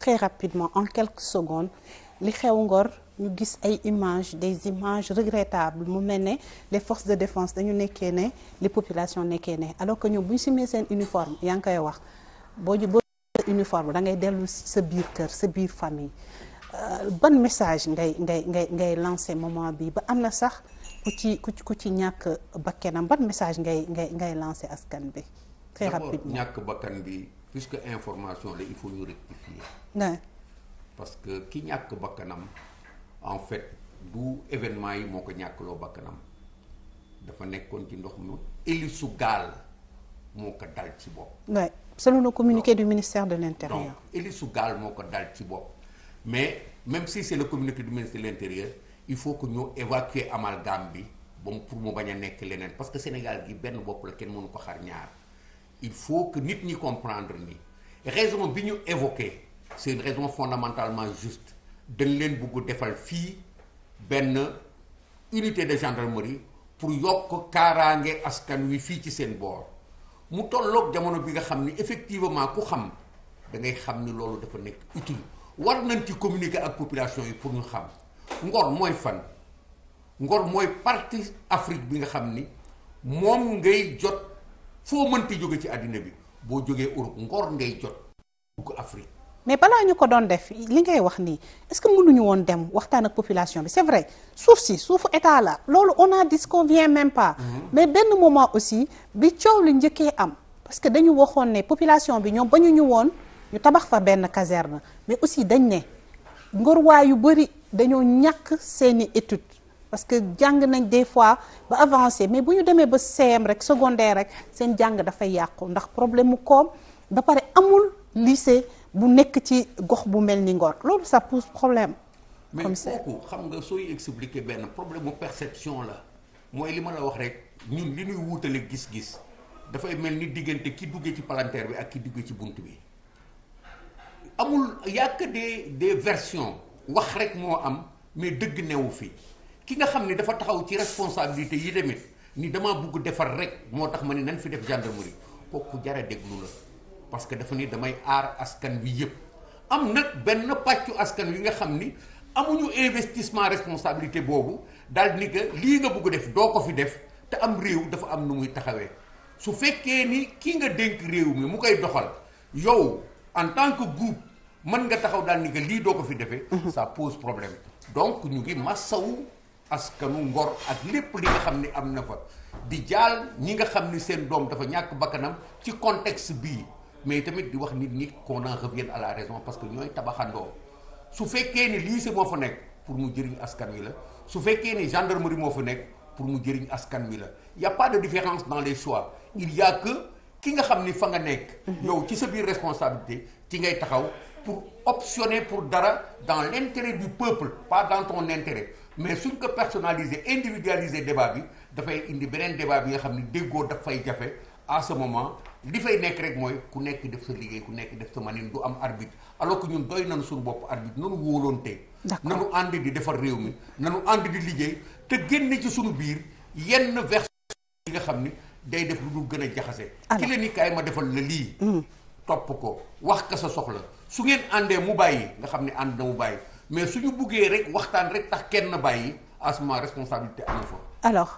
très rapidement en quelques secondes li xew Ngor ñu gis ay images des images regrettables mu mel ne les forces de défense dañu nekkee ne les population nekkee ne alors que ñëw bu ñu simee seen uniforme yaa ngi koy wax boo boo uniforme da ngay dellu sa biir kër sa biir famille euh, ban message ngay ngay ngay ngay lancer moment bi ba am na sax ku ci ku ci ku ci ñàkk bakkenam ban message ngay ngay ngay lancer askan bi très rapidement ñàkk bakkan bi que information la il faut ñu rectifier ouais. parce que ki ñàkk bakkanam en fait du événement yi moo ko ñàkkloo bakkanam dafa nekkoon ci ndox mi élisu gaal moo ko dal ci bopp ouais. selon le communiqué donc, du ministère de l'intérieur donc élisu moo ko dal ci bopp mais même si c'est le communiqué du ministère de l'intérieur il faut que ñu évacuer amalgame bi ba pour mu bañ a nekk leneen parce que Sénégal gi benn bopp la kenn mënu ko xar ñaar il faut que nit ñi comprendre ni raison bi ñu évoqué c'est une raison fondamentalement juste dañ leen buggu defal fii benn unité de gendarmerie pour yokk kaaraange askan wi fii ci seen boor mu tolloog jamono bi nga xam ni effectivement ku xam da ngay xam ni loolu dafa nekk utile war nañ ci communiquer ak population yi pour ñu xam ngor mooy fan ngor mooy parti Afrique bi nga xam ni moom ngay jot foo mënti jóge ci àddina bi boo jógee Europe ngor ngay jot dugg Afrique. mais balaa ñu ko doon def li ngay wax nii est-ce que mënuñu woon dem waxtaan ak population bi c'est vrai suuf si suufu état la loolu on a disconvient même pas. Mhm. mais benn moment aussi bi coow li njëkkee am. parce que dañu waxoon ne population bi ñoom ba ñu ñu woon ñu tabax fa benn caserne mais aussi dañ ne ngor yu bëri dañoo ñàkk seeni étude parce que jàng nañ des fois ba avancé mais bu ñu demee ba CM rek secondaire rek seen jàng dafay yàqu ndax problème mu koom ba pare amul lycée bu nekk ci gox bu mel ni Ngor loolu ça pose problème. comme ça mais kooku xam nga sooy expliquer benn problème mu perception la mooy li ma la wax rek ñun li ñuy wuutale gis-gis dafay mel ni diggante ki duggee ci palanteer bi ak ki duggee ci bunt bi amul yàq des des versions wax rek moo am mais dëgg newu fii ki nga xam ne dafa taxaw ci responsabilité yi tamit ni damaa bugg defar rek moo tax ma ne nan fi def gendarmerie kooku jara déglu la parce que dafa ni damay aar askan wi yëpp am nag benn pàccu askan wi nga xam ni amuñu investissement responsabilité boobu daal ni que lii nga bugg def doo ko fi def te am réew dafa am nu muy taxawee su fekkee ni ki nga dénk réew mi mu koy doxal yow en tant que groupe mën nga taxaw daal ni que lii doo ko fi defee mhm. ça pose problème donc ñu askanu ngor ak lépp li nga xam ni am na fa di jaal ñi nga xam ni seen doom dafa ñàkk bakkanam ci contexte bii mais tamit di wax nit ñi qu'on en revienne à la parce que ñooy tabaxandoo su fekkee ni lycée moo fa nekk pour mu jëriñ askan wi la su fekkee ni gendarmerie moo fa nekk pour mu jëriñ askan wi la y a pas de différence dans les choix il y ki nga xam ni fa nga nekk mhm. yow ci sa biir responsabilité ci ngay taxaw pour optionner pour dara dans l'intérêt du peuple pas dans ton intérêt mais suñ ko personnaliser individualiser débat bi dafay indi beneen débat bi nga xam ne déggoo daf fay jafe à ce moment li fay nekk rek mooy ku nekk def sa liggéey ku nekk def sa manin du am arbitre alors ko ñun doy nañ suñu bopp arbitre nanu wóoloon na nanu ànd di defar réew mi nanu ànd di liggéey te génne ci suñu biir yenn version yi nga xam ni day def lu dul gën a jaxase ki la ni kaay ma defal la hmm. topp ko wax ka sa soxla su ngeen àndee mu bàyyi nga xam ne ànd na mu bàyyi mais suñu buggee rek waxtaan rek tax kenn bàyyi à ce moment responsabilité amul fa alors